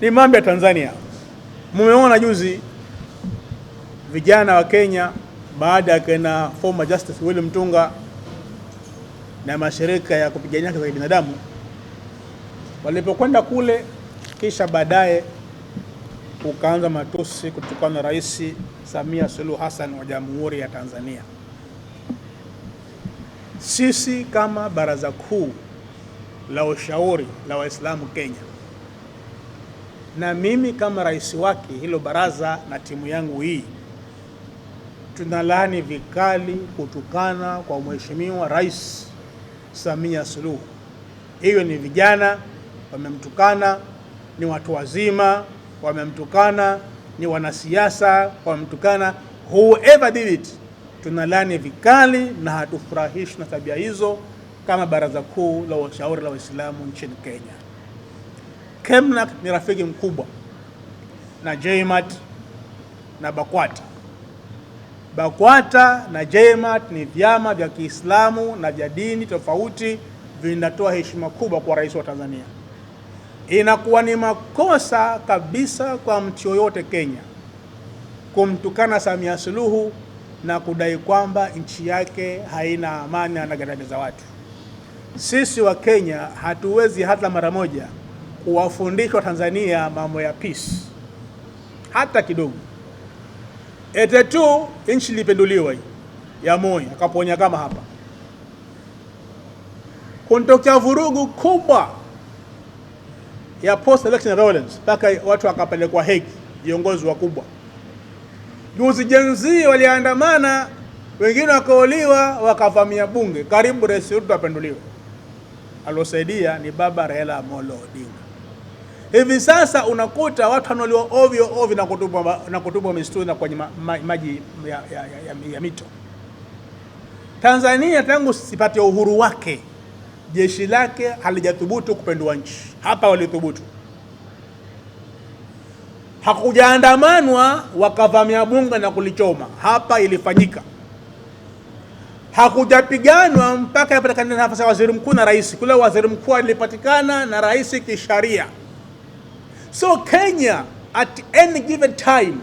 ni mambo ya Tanzania. Mumeona juzi vijana wa Kenya baada ya kena former Justice Willy Mtunga na mashirika ya kupigania haki za binadamu walipokwenda kule, kisha baadaye ukaanza matusi kutokana na Rais Samia Suluhu Hassan wa Jamhuri ya Tanzania. Sisi kama Baraza Kuu la Ushauri la Waislamu Kenya na mimi kama rais wake hilo baraza na timu yangu hii tunalaani vikali kutukana kwa mheshimiwa Rais Samia Suluhu. Hiyo ni vijana wamemtukana, ni watu wazima wamemtukana, ni wanasiasa wamemtukana, whoever did it, tunalaani vikali na hatufurahishi na tabia hizo kama Baraza Kuu la Ushauri la Waislamu nchini Kenya. Kemnak ni rafiki mkubwa na JMAT na BAKWATA. BAKWATA na JMAT ni vyama vya Kiislamu na vya dini tofauti, vinatoa heshima kubwa kwa rais wa Tanzania. Inakuwa ni makosa kabisa kwa mtu yoyote Kenya kumtukana Samia Suluhu na kudai kwamba nchi yake haina amani, anagandamiza watu. Sisi wa Kenya hatuwezi hata mara moja kuwafundisha Watanzania mambo ya peace hata kidogo. Ete tu nchi ilipenduliwa hii ya Moi, akaponya kama hapa kuntokea vurugu kubwa ya post election violence mpaka watu wakapelekwa heki, viongozi wakubwa. Juzi jenzi waliandamana, wengine wakaoliwa, wakavamia bunge, karibu rais wetu apenduliwa. Alosaidia ni baba Raila Amolo Odinga. Hivi sasa unakuta watu wanauliwa ovyo ovyo na kutupwa na kutupwa misitu na kwenye ma, ma, maji ya, ya, ya, ya mito. Tanzania tangu sipatia uhuru wake jeshi lake halijathubutu kupendua nchi. Hapa walithubutu, hakujaandamanwa wakavamia bunge na kulichoma. Hapa ilifanyika hakujapiganwa mpaka ipatikana nafasi ya waziri mkuu na rais. Kule waziri mkuu alipatikana na rais kisharia. So Kenya at any given time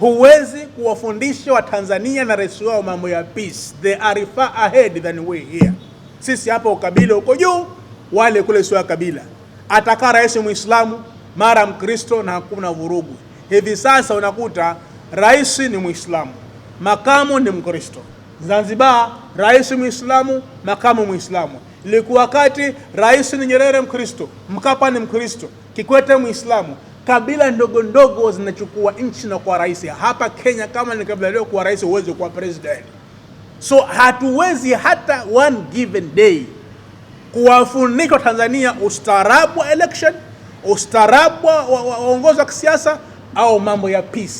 huwezi kuwafundisha Watanzania na rais wao mambo ya peace. They are far ahead than we here. Sisi hapa ukabila huko juu, wale kule sio kabila. Atakaa rais Muislamu mara Mkristo na hakuna vurugu. Hivi sasa unakuta rais ni Muislamu, makamu ni Mkristo. Zanzibar rais Muislamu, makamu Muislamu. Ilikuwa wakati Rais ni Nyerere Mkristo, Mkapa ni Mkristo, Kikwete Muislamu. Kabila ndogo ndogo zinachukua nchi na kuwa rais. Hapa Kenya kama ni kabila leo kuwa rais, huwezi kuwa president. So hatuwezi hata one given day kuwafunika Tanzania ustaarabu wa election, ustaarabu wa uongozi wa kisiasa au mambo ya peace.